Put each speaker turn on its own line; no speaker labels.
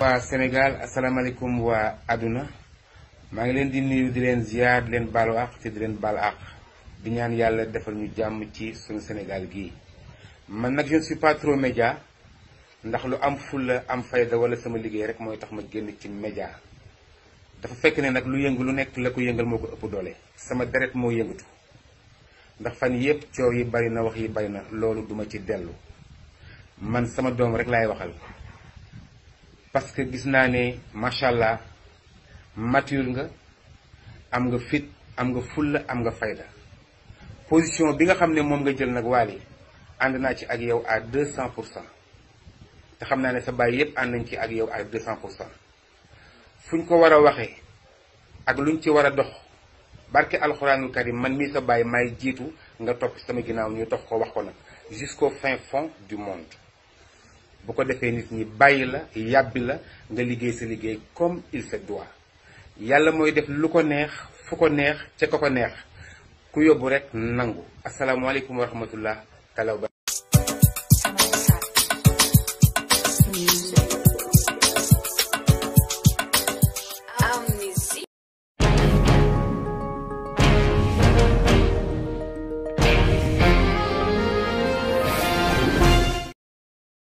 waa Sénégal asalaamaaleykum waa àdduna maa ngi leen di nuyu di leen ziar leen baalu àq te di leen baal àq di ñaan yàlla defal ñu jàmm ci suñu Sénégal gii man nag je ne suis pas média ndax lu am fulla am fayda wala sama liggéey rek mooy tax ma génn ci média dafa fekk ne nag lu yëngu lu nekk la ko yëngal moo ko ëpp doole sama deret moo yëngatu ndax fan yëpp coow yi bari na wax yi bari na loolu duma ci dellu man sama doom rek lay waxal parce que gis naa ne macha allah mature nga am nga fit am nga fulla am nga fayda position bi nga xam ne moom nga jël nag waal yi ànd naa ci ak yow à deux pour cent te xam naa ne sa bàyyi yépp ànd nañ ci ak yow à deux cent pour cent fu ñu ko war a waxee ak luñ ci war a dox barke alxuraanul yi man mii sa bàyyi may jiitu nga topp sama ginnaaw ñu dox ko wax ko nag jusqu'au fin fond du monde bu ko defee nit ñi bàyyi la yàbbi la nga liggéey sa liggéey comme il se doit yàlla mooy def lu ko neex fu ko neex ca ko ko neex ku yóbbu rek nangu asalaamaaleykum wa rahmatullah taala